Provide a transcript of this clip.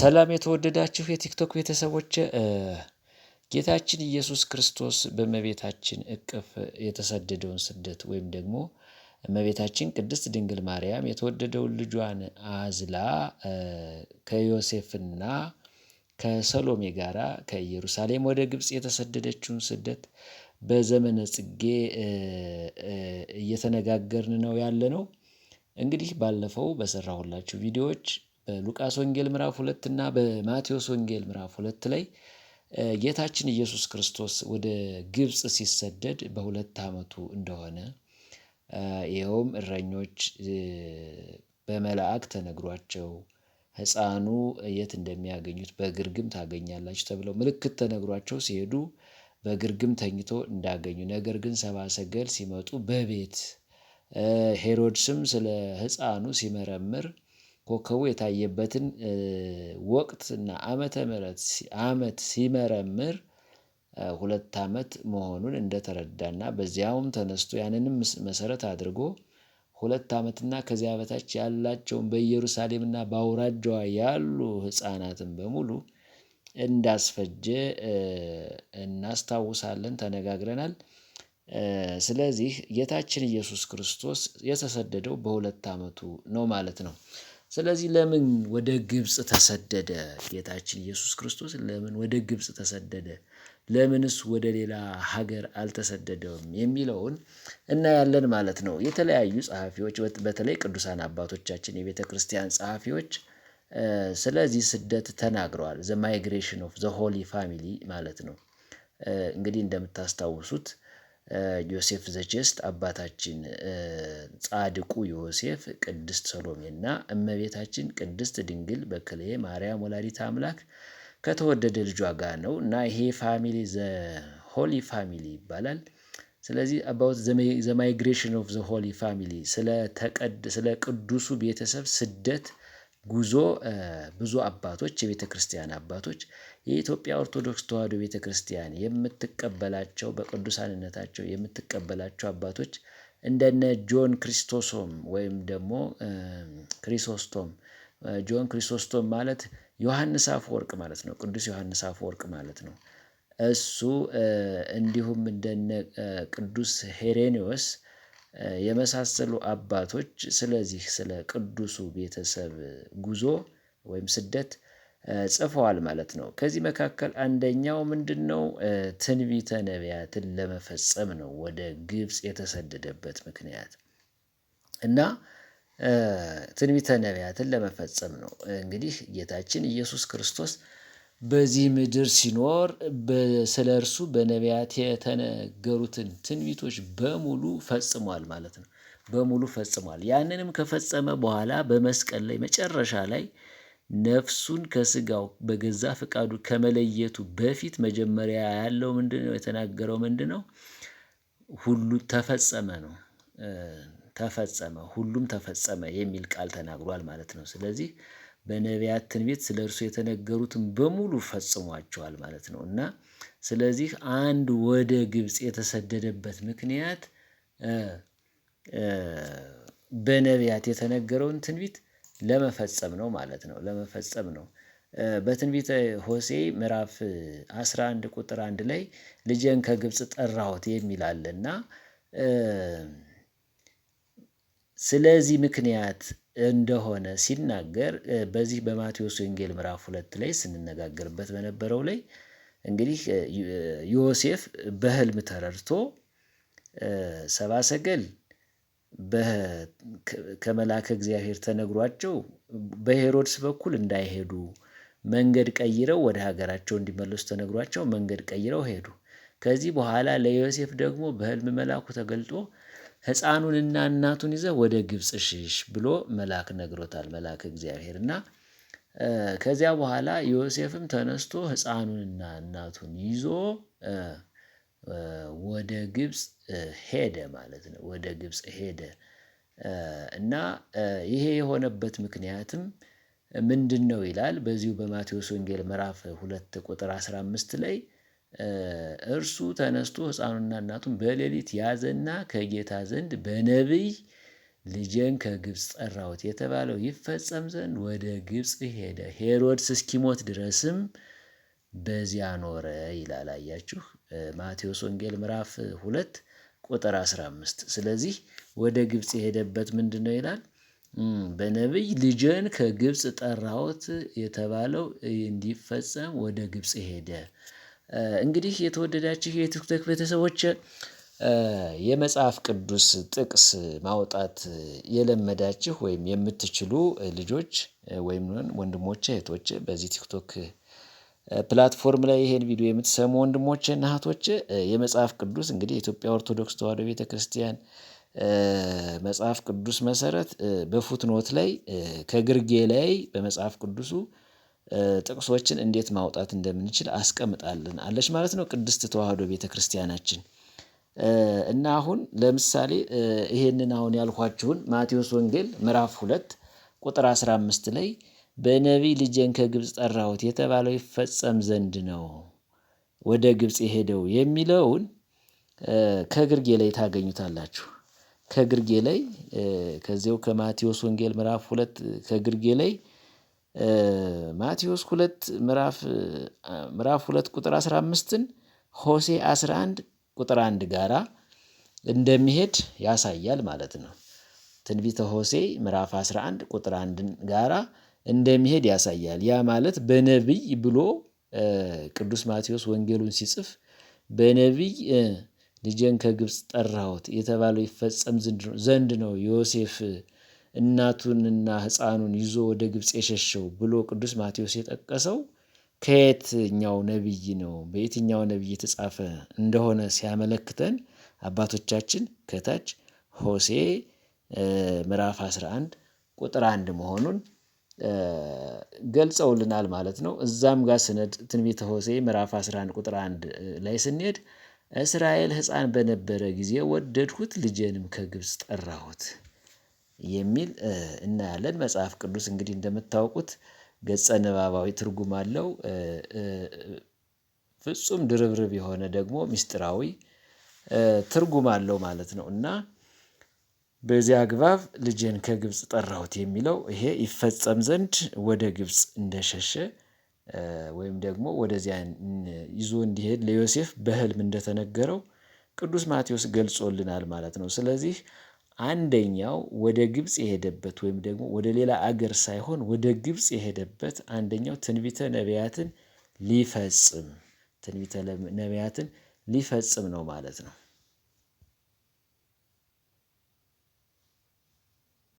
ሰላም የተወደዳችሁ የቲክቶክ ቤተሰቦች ጌታችን ኢየሱስ ክርስቶስ በእመቤታችን እቅፍ የተሰደደውን ስደት ወይም ደግሞ እመቤታችን ቅድስት ድንግል ማርያም የተወደደውን ልጇን አዝላ ከዮሴፍና ከሰሎሜ ጋር ከኢየሩሳሌም ወደ ግብፅ የተሰደደችውን ስደት በዘመነ ጽጌ እየተነጋገርን ነው ያለ ነው። እንግዲህ ባለፈው በሰራሁላችሁ ቪዲዮዎች በሉቃስ ወንጌል ምዕራፍ ሁለት እና በማቴዎስ ወንጌል ምዕራፍ ሁለት ላይ ጌታችን ኢየሱስ ክርስቶስ ወደ ግብፅ ሲሰደድ በሁለት ዓመቱ እንደሆነ ይኸውም እረኞች በመላእክ ተነግሯቸው ሕፃኑ የት እንደሚያገኙት በግርግም ታገኛላችሁ ተብለው ምልክት ተነግሯቸው ሲሄዱ በግርግም ተኝቶ እንዳገኙ፣ ነገር ግን ሰብአ ሰገል ሲመጡ በቤት ሄሮድስም ስለ ሕፃኑ ሲመረምር ኮከቡ የታየበትን ወቅት እና ዓመተ አመት ሲመረምር ሁለት አመት መሆኑን እንደተረዳና በዚያውም ተነስቶ ያንንም መሰረት አድርጎ ሁለት አመትና ከዚያ በታች ያላቸውን በኢየሩሳሌምና በአውራጃዋ ያሉ ህፃናትን በሙሉ እንዳስፈጀ እናስታውሳለን ተነጋግረናል። ስለዚህ ጌታችን ኢየሱስ ክርስቶስ የተሰደደው በሁለት አመቱ ነው ማለት ነው። ስለዚህ ለምን ወደ ግብጽ ተሰደደ? ጌታችን ኢየሱስ ክርስቶስ ለምን ወደ ግብፅ ተሰደደ? ለምንስ ወደ ሌላ ሀገር አልተሰደደም? የሚለውን እናያለን ማለት ነው። የተለያዩ ጸሐፊዎች በተለይ ቅዱሳን አባቶቻችን የቤተ ክርስቲያን ጸሐፊዎች ስለዚህ ስደት ተናግረዋል። ዘ ማይግሬሽን ኦፍ ዘ ሆሊ ፋሚሊ ማለት ነው። እንግዲህ እንደምታስታውሱት ዮሴፍ ዘቼስት አባታችን ጻድቁ ዮሴፍ ቅድስት ሰሎሜ እና እመቤታችን ቅድስት ድንግል በክሌ ማርያም ወላዲት አምላክ ከተወደደ ልጇ ጋር ነው እና ይሄ ፋሚሊ ዘ ሆሊ ፋሚሊ ይባላል። ስለዚህ አባውት ዘ ማይግሬሽን ኦፍ ዘ ሆሊ ፋሚሊ ስለ ቅዱሱ ቤተሰብ ስደት ጉዞ ብዙ አባቶች የቤተክርስቲያን አባቶች የኢትዮጵያ ኦርቶዶክስ ተዋህዶ ቤተክርስቲያን የምትቀበላቸው በቅዱሳንነታቸው የምትቀበላቸው አባቶች እንደነ ጆን ክርስቶሶም ወይም ደግሞ ክሪሶስቶም ጆን ክሪሶስቶም ማለት ዮሐንስ አፈወርቅ ማለት ነው። ቅዱስ ዮሐንስ አፈወርቅ ማለት ነው። እሱ እንዲሁም እንደነ ቅዱስ ሄሬኒዎስ የመሳሰሉ አባቶች ስለዚህ ስለ ቅዱሱ ቤተሰብ ጉዞ ወይም ስደት ጽፈዋል ማለት ነው። ከዚህ መካከል አንደኛው ምንድነው? ትንቢተ ነቢያትን ለመፈጸም ነው ወደ ግብፅ የተሰደደበት ምክንያት እና ትንቢተ ነቢያትን ለመፈጸም ነው። እንግዲህ ጌታችን ኢየሱስ ክርስቶስ በዚህ ምድር ሲኖር ስለ እርሱ በነቢያት የተነገሩትን ትንቢቶች በሙሉ ፈጽሟል ማለት ነው። በሙሉ ፈጽሟል ያንንም ከፈጸመ በኋላ በመስቀል ላይ መጨረሻ ላይ ነፍሱን ከስጋው በገዛ ፈቃዱ ከመለየቱ በፊት መጀመሪያ ያለው ምንድነው? የተናገረው ምንድነው? ሁሉ ተፈጸመ ነው። ተፈጸመ ሁሉም ተፈጸመ የሚል ቃል ተናግሯል ማለት ነው። ስለዚህ በነቢያት ትንቢት ስለ እርሱ የተነገሩትን በሙሉ ፈጽሟቸዋል ማለት ነው እና ስለዚህ አንድ ወደ ግብፅ የተሰደደበት ምክንያት በነቢያት የተነገረውን ትንቢት ለመፈጸም ነው ማለት ነው። ለመፈጸም ነው። በትንቢተ ሆሴ ምዕራፍ 11 ቁጥር አንድ ላይ ልጄን ከግብፅ ጠራሁት የሚል እና ስለዚህ ምክንያት እንደሆነ ሲናገር በዚህ በማቴዎስ ወንጌል ምዕራፍ ሁለት ላይ ስንነጋገርበት በነበረው ላይ እንግዲህ ዮሴፍ በህልም ተረድቶ ሰባ ሰገል ከመላከ እግዚአብሔር ተነግሯቸው በሄሮድስ በኩል እንዳይሄዱ መንገድ ቀይረው ወደ ሀገራቸው እንዲመለሱ ተነግሯቸው መንገድ ቀይረው ሄዱ። ከዚህ በኋላ ለዮሴፍ ደግሞ በህልም መላኩ ተገልጦ ሕፃኑንና እናቱን ይዘ ወደ ግብፅ ሽሽ ብሎ መልአክ ነግሮታል መልአክ እግዚአብሔር እና ከዚያ በኋላ ዮሴፍም ተነስቶ ሕፃኑንና እናቱን ይዞ ወደ ግብጽ ሄደ ማለት ነው። ወደ ግብጽ ሄደ እና ይሄ የሆነበት ምክንያትም ምንድነው? ይላል በዚሁ በማቴዎስ ወንጌል ምዕራፍ ሁለት ቁጥር አስራ አምስት ላይ እርሱ ተነስቶ ሕፃኑና እናቱን በሌሊት ያዘና ከጌታ ዘንድ በነቢይ ልጄን ከግብፅ ጠራሁት የተባለው ይፈጸም ዘንድ ወደ ግብፅ ሄደ። ሄሮድስ እስኪሞት ድረስም በዚያ ኖረ ይላል። አያችሁ ማቴዎስ ወንጌል ምዕራፍ ሁለት ቁጥር 15። ስለዚህ ወደ ግብፅ የሄደበት ምንድን ነው ይላል? በነቢይ ልጄን ከግብፅ ጠራሁት የተባለው እንዲፈጸም ወደ ግብፅ ሄደ። እንግዲህ የተወደዳችሁ የቲክቶክ ቤተሰቦች የመጽሐፍ ቅዱስ ጥቅስ ማውጣት የለመዳችሁ ወይም የምትችሉ ልጆች ወይም ወንድሞች እህቶች በዚህ ቲክቶክ ፕላትፎርም ላይ ይሄን ቪዲዮ የምትሰሙ ወንድሞች እና እህቶች የመጽሐፍ ቅዱስ እንግዲህ የኢትዮጵያ ኦርቶዶክስ ተዋህዶ ቤተ ክርስቲያን መጽሐፍ ቅዱስ መሰረት በፉትኖት ላይ ከግርጌ ላይ በመጽሐፍ ቅዱሱ ጥቅሶችን እንዴት ማውጣት እንደምንችል አለች ማለት ነው ቅድስት ተዋህዶ ቤተክርስቲያናችን። እና አሁን ለምሳሌ ይሄንን አሁን ያልኳችሁን ማቴዎስ ወንጌል ምዕራፍ ሁለት ቁጥር አስራ አምስት ላይ በነቢይ ልጄን ከግብፅ ጠራሁት የተባለው ይፈጸም ዘንድ ነው ወደ ግብፅ የሄደው የሚለውን ከግርጌ ላይ ታገኙታላችሁ። ከግርጌ ላይ ከዚው ከማቴዎስ ወንጌል ምዕራፍ ሁለት ከግርጌ ላይ ማቴዎስ ሁለት ምዕራፍ ሁለት ቁጥር አስራ አምስትን ሆሴ አስራ አንድ ቁጥር አንድ ጋራ እንደሚሄድ ያሳያል ማለት ነው። ትንቢተ ሆሴ ምዕራፍ 11 ቁጥር አንድን ጋራ እንደሚሄድ ያሳያል። ያ ማለት በነቢይ ብሎ ቅዱስ ማቴዎስ ወንጌሉን ሲጽፍ በነቢይ ልጄን ከግብፅ ጠራሁት የተባለው ይፈጸም ዘንድ ነው ዮሴፍ እናቱንና ህፃኑን ይዞ ወደ ግብጽ የሸሸው ብሎ ቅዱስ ማቴዎስ የጠቀሰው ከየትኛው ነቢይ ነው በየትኛው ነቢይ የተጻፈ እንደሆነ ሲያመለክተን አባቶቻችን ከታች ሆሴ ምዕራፍ 11 ቁጥር አንድ መሆኑን ገልጸውልናል ማለት ነው። እዛም ጋር ስነድ ትንቢተ ሆሴ ምዕራፍ 11 ቁጥር አንድ ላይ ስንሄድ እስራኤል ሕፃን በነበረ ጊዜ ወደድሁት፣ ልጄንም ከግብፅ ጠራሁት የሚል እናያለን መጽሐፍ ቅዱስ እንግዲህ እንደምታውቁት ገጸ ንባባዊ ትርጉም አለው። ፍጹም ድርብርብ የሆነ ደግሞ ሚስጢራዊ ትርጉም አለው ማለት ነው። እና በዚህ አግባብ ልጄን ከግብጽ ጠራሁት የሚለው ይሄ ይፈጸም ዘንድ ወደ ግብጽ እንደሸሸ ወይም ደግሞ ወደዚያ ይዞ እንዲሄድ ለዮሴፍ በህልም እንደተነገረው ቅዱስ ማቴዎስ ገልጾልናል ማለት ነው። ስለዚህ አንደኛው ወደ ግብፅ የሄደበት ወይም ደግሞ ወደ ሌላ አገር ሳይሆን ወደ ግብጽ የሄደበት አንደኛው ትንቢተ ነቢያትን ሊፈጽም ትንቢተ ነቢያትን ሊፈጽም ነው ማለት ነው